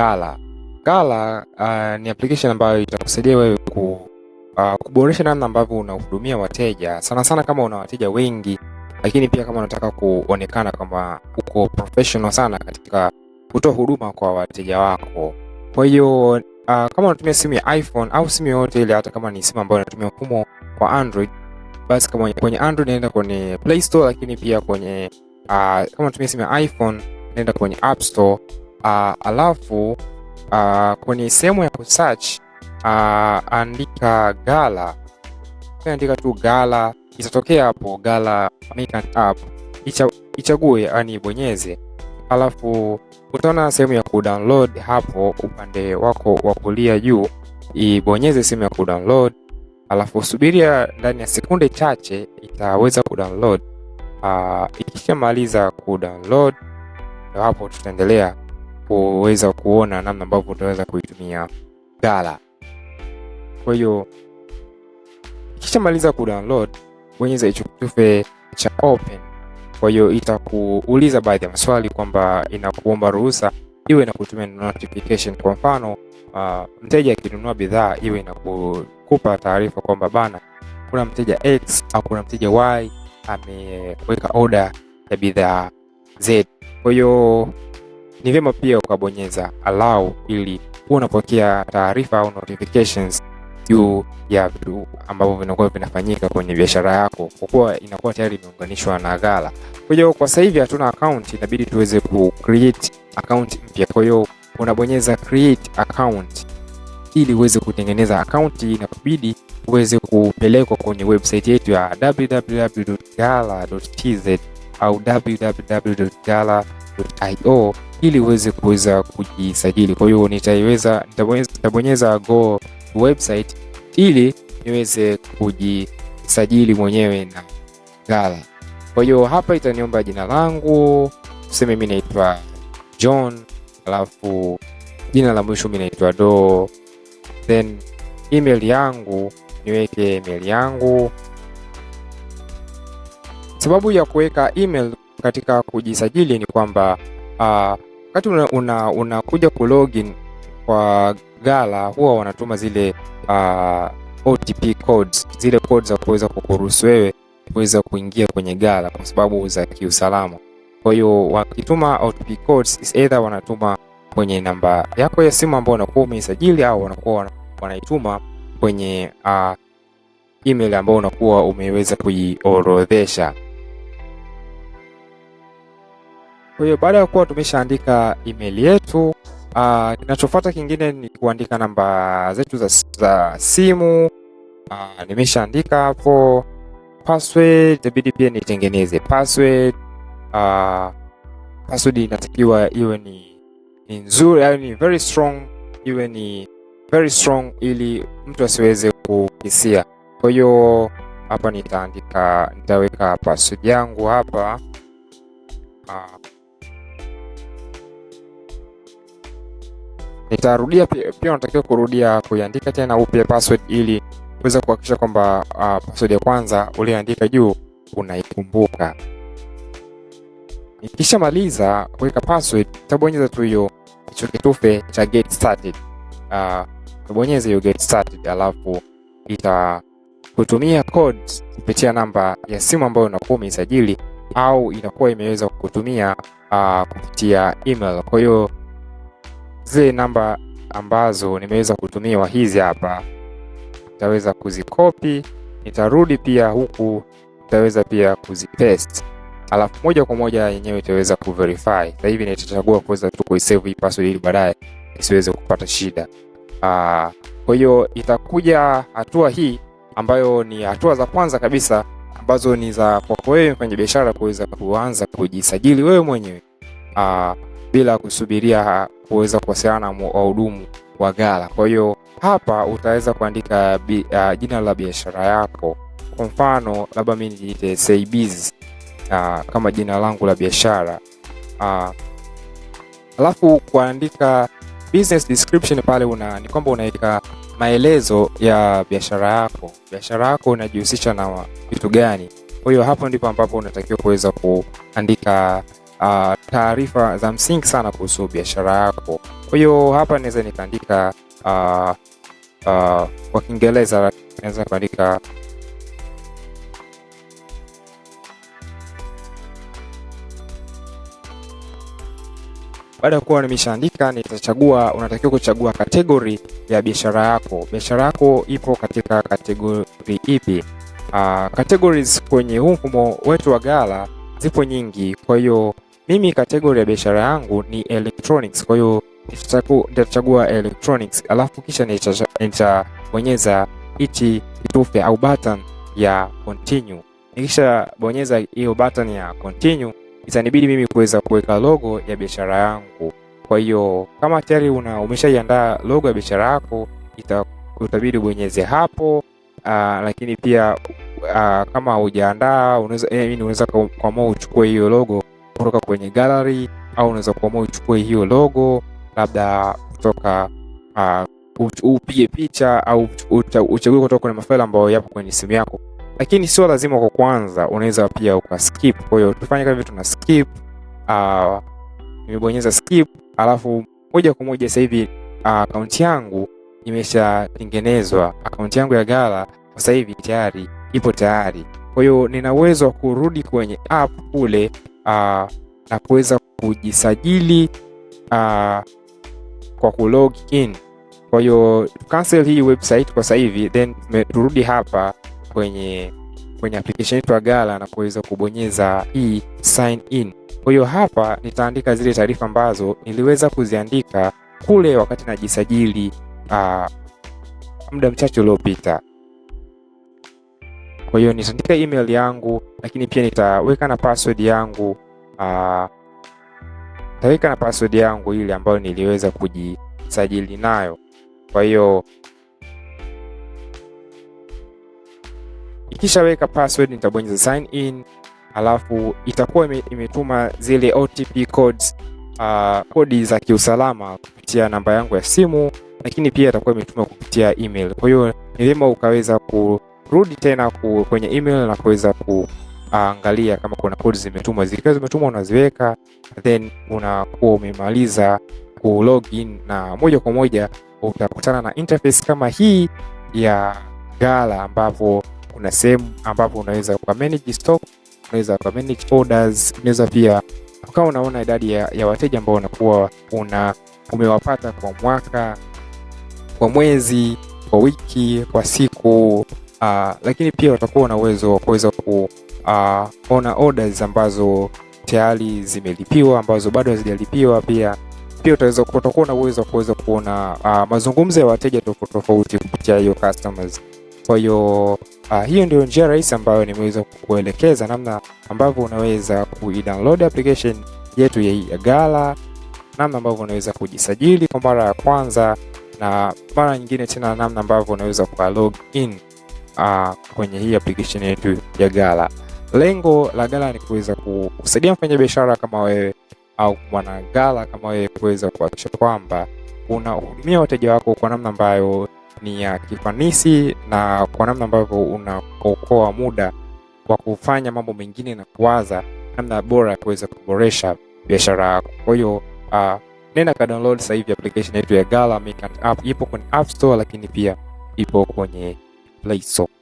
Ghala. Ghala uh, ah, ni application ambayo itakusaidia wewe ku, uh, kuboresha namna ambavyo unahudumia wateja sana sana kama una wateja wengi, lakini pia kama unataka kuonekana kwamba uko professional sana katika kutoa huduma kwa wateja wako. Kwa hiyo uh, kama unatumia simu ya iPhone au simu yoyote ile, hata kama ni simu ambayo inatumia mfumo kwa Android, basi kama kwenye Android naenda kwenye Play Store, lakini pia kwenye uh, kama unatumia simu ya iPhone naenda kwenye App Store uh, alafu uh, kwenye sehemu ya kusearch uh, ah, andika gala, andika tu gala, itatokea hapo gala American app, ichague ani ibonyeze, alafu utaona sehemu ya kudownload hapo upande wako wa kulia juu, ibonyeze sehemu ya kudownload alafu subiria ndani ya sekunde chache itaweza kudownload. Uh, ikishamaliza kudownload, hapo tutaendelea kuweza kuona namna ambavyo utaweza kuitumia gala Kwa hiyo ku kudownload, bonyeza hicho kitufe cha open. Kwa hiyo itakuuliza baadhi ya maswali kwamba inakuomba ruhusa iwe na kutumia notification. Kwa mfano uh, mteja akinunua bidhaa iwe inakupa taarifa kwamba bana, kuna mteja X au kuna mteja Y ameweka oda ya bidhaa Z. Kwa hiyo ni vyema pia ukabonyeza allow ili huwa unapokea taarifa au notifications juu ya vitu ambavyo vinakuwa vinafanyika kwenye biashara yako, kwa kuwa inakuwa tayari imeunganishwa na Ghala. Kwa hiyo kwa sasa hivi hatuna account, inabidi tuweze ku create account mpya. Kwa hiyo unabonyeza create account ili uweze kutengeneza account, inabidi uweze kupelekwa kwenye website yetu ya www.ghala.tz au www.ghala.io ili uweze kuweza kujisajili. Kwa hiyo nitaiweza, nitabonyeza go website ili niweze kujisajili mwenyewe na Ghala. Kwa hiyo hapa itaniomba jina langu, tuseme mimi naitwa John, alafu jina la mwisho mimi naitwa Do, then email yangu niweke email yangu. Sababu ya kuweka email katika kujisajili ni kwamba uh, wakati unakuja una, una kulogin kwa Gala huwa wanatuma zile uh, ah, OTP codes, zile codes za kuweza kukuruhusu wewe kuweza kuingia kwenye Gala kwa sababu za kiusalama. Kwa hiyo wakituma OTP codes either wanatuma kwenye namba yako ya simu ambayo unakuwa umeisajili au wanakuwa wanaituma kwenye uh, email ambayo unakuwa umeweza kuiorodhesha. Kwa hiyo baada ya kuwa tumeshaandika email yetu, uh, kinachofuata kingine ni kuandika namba zetu za, za simu. Uh, nimeshaandika hapo password, itabidi pia nitengeneze password. Uh, password inatakiwa iwe ni, ni nzuri au ni very strong, iwe ni very strong ili mtu asiweze kukisia. Kwa hiyo hapa nitaandika, nitaweka password yangu hapa uh, Nitarudia pia, unatakiwa kurudia kuiandika tena upya password ili uweze kuhakikisha kwamba uh, password ya kwanza uliyoandika juu unaikumbuka. maliza kuweka password, utabonyeza tu hiyo hicho kitufe cha get started. Uh, ah, utabonyeza hiyo get started, alafu itakutumia code kupitia namba ya simu ambayo unakuwa umeisajili au inakuwa imeweza kukutumia uh, kupitia email. Kwa hiyo zile namba ambazo nimeweza kutumiwa hizi hapa, nitaweza kuzikopi, nitarudi pia huku, nitaweza pia kuzipaste, alafu moja kwa moja yenyewe itaweza kuverify. Sasa hivi nitachagua kuweza tu kuisave hii password ili baadaye isiweze kupata shida. Aa, ah, kwa hiyo itakuja hatua hii ambayo ni hatua za kwanza kabisa ambazo ni za kwako wewe mfanya biashara kuweza kuanza kujisajili wewe mwenyewe. Ah, bila kusubiria kuweza kuwasiliana na wahudumu wa gala Kwa hiyo hapa utaweza kuandika bi, uh, jina la biashara yako. Kwa mfano labda mimi nijiite Saybiz uh, kama jina langu la biashara uh, alafu kuandika business description pale una, ni kwamba unaweka maelezo ya biashara yako. Biashara yako inajihusisha na vitu gani? Kwa hiyo hapo ndipo ambapo unatakiwa kuweza kuandika uh, taarifa za msingi sana kuhusu biashara yako. Kwa hiyo hapa naweza nikaandika uh, uh, kwa Kiingereza naweza kuandika Baada ya kuwa nimeshaandika, nitachagua. Unatakiwa kuchagua kategori ya biashara yako. Biashara yako ipo katika kategori ipi? Uh, categories kwenye huu mfumo wetu wa Ghala zipo nyingi, kwa hiyo mimi kategori ya biashara yangu ni electronics, kwa hiyo nitachagua electronics, alafu kisha nitabonyeza hichi kitufe au button ya continue. Nikisha bonyeza hiyo button ya continue, itanibidi mimi kuweza kuweka logo ya biashara yangu. Kwa hiyo kama tayari una umeshaiandaa logo ya biashara yako, utabidi ubonyeze hapo. Aa, ah, lakini pia aa, ah, kama hujaandaa unaweza eh, unaweza kuamua uchukue hiyo logo kutoka kwenye gallery, au unaweza kuamua uchukue hiyo logo labda kutoka uh, upige picha au uchague kutoka kwenye mafaili ambayo yapo kwenye simu yako, lakini sio lazima kwa kwanza, unaweza pia skip. Kwa hiyo tufanye kama tuna skip, ah, nimebonyeza skip, alafu moja kwa moja sasa hivi akaunti ah, uh, yangu imeshatengenezwa, akaunti yangu ya gala sasa hivi tayari ipo tayari. Kwa hiyo nina uwezo wa kurudi kwenye app kule ah, na kuweza kujisajili aa, ah, kwa log in. Kwa hiyo cancel hii website kwa sasa hivi, then turudi hapa kwenye kwenye application yetu ya na kuweza kubonyeza hii sign in. Kwa hiyo hapa nitaandika zile taarifa ambazo niliweza kuziandika kule wakati najisajili ah, muda mchache uliopita. Kwa hiyo nitaandika email yangu, lakini pia nitaweka na password yangu uh, nitaweka na password yangu ile ambayo niliweza kujisajili nayo. Kwa hiyo ikishaweka password nitabonyeza sign in, alafu itakuwa imetuma zile OTP codes uh, kodi za kiusalama kupitia namba yangu ya simu, lakini pia itakuwa imetuma kupitia email. Kwa hiyo ni vyema ukaweza ku rudi tena ku, kwenye email na kuweza kuangalia kama kuna code zimetumwa. Zikiwa zimetumwa, unaziweka then unakuwa umemaliza ku login, na moja kwa moja utakutana na interface kama hii ya Gala, ambapo kuna sehemu ambapo unaweza ku manage stock, unaweza ku manage orders, unaweza pia kama unaona idadi ya, ya wateja ambao unakuwa una umewapata kwa mwaka, kwa mwezi, kwa wiki, kwa siku uh, lakini pia watakuwa na uwezo wa kuweza kuona ah, uh, orders ambazo tayari zimelipiwa ambazo bado hazijalipiwa. Pia pia utaweza kutakuwa na uwezo wa kuweza kuona uh, mazungumzo ya wateja tofauti kupitia hiyo customers. Kwa hiyo uh, hiyo ndio njia rahisi ambayo nimeweza kuelekeza namna ambavyo unaweza kuidownload application yetu ya Ghala, namna ambavyo unaweza kujisajili kwa mara ya kwanza, na mara nyingine tena namna ambavyo unaweza kwa log in uh, kwenye hii application yetu ya gala Lengo la gala ni kuweza kusaidia mfanyabiashara kama wewe au mwana Gala kama wewe kuweza kuhakikisha kwamba unahudumia wateja wako kwa namna ambayo ni ya kifanisi na kwa namna ambavyo unaokoa muda wa kufanya mambo mengine na kuwaza namna bora ya kuweza kuboresha biashara yako. Kwa hiyo uh, nenda ka download sasa hivi application yetu ya Gala Merchant app, ipo kwenye App Store, lakini pia ipo kwenye play song